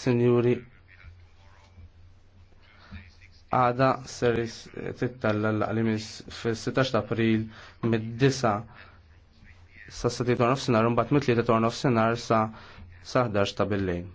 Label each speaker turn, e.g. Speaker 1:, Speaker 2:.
Speaker 1: Sinjuri, għada ser tittalla l-għalimis fil-16 april mid-9 sa' 6 tornof sinar un bat mit-3 tornof sinar sa'
Speaker 2: 11 ta' billejn.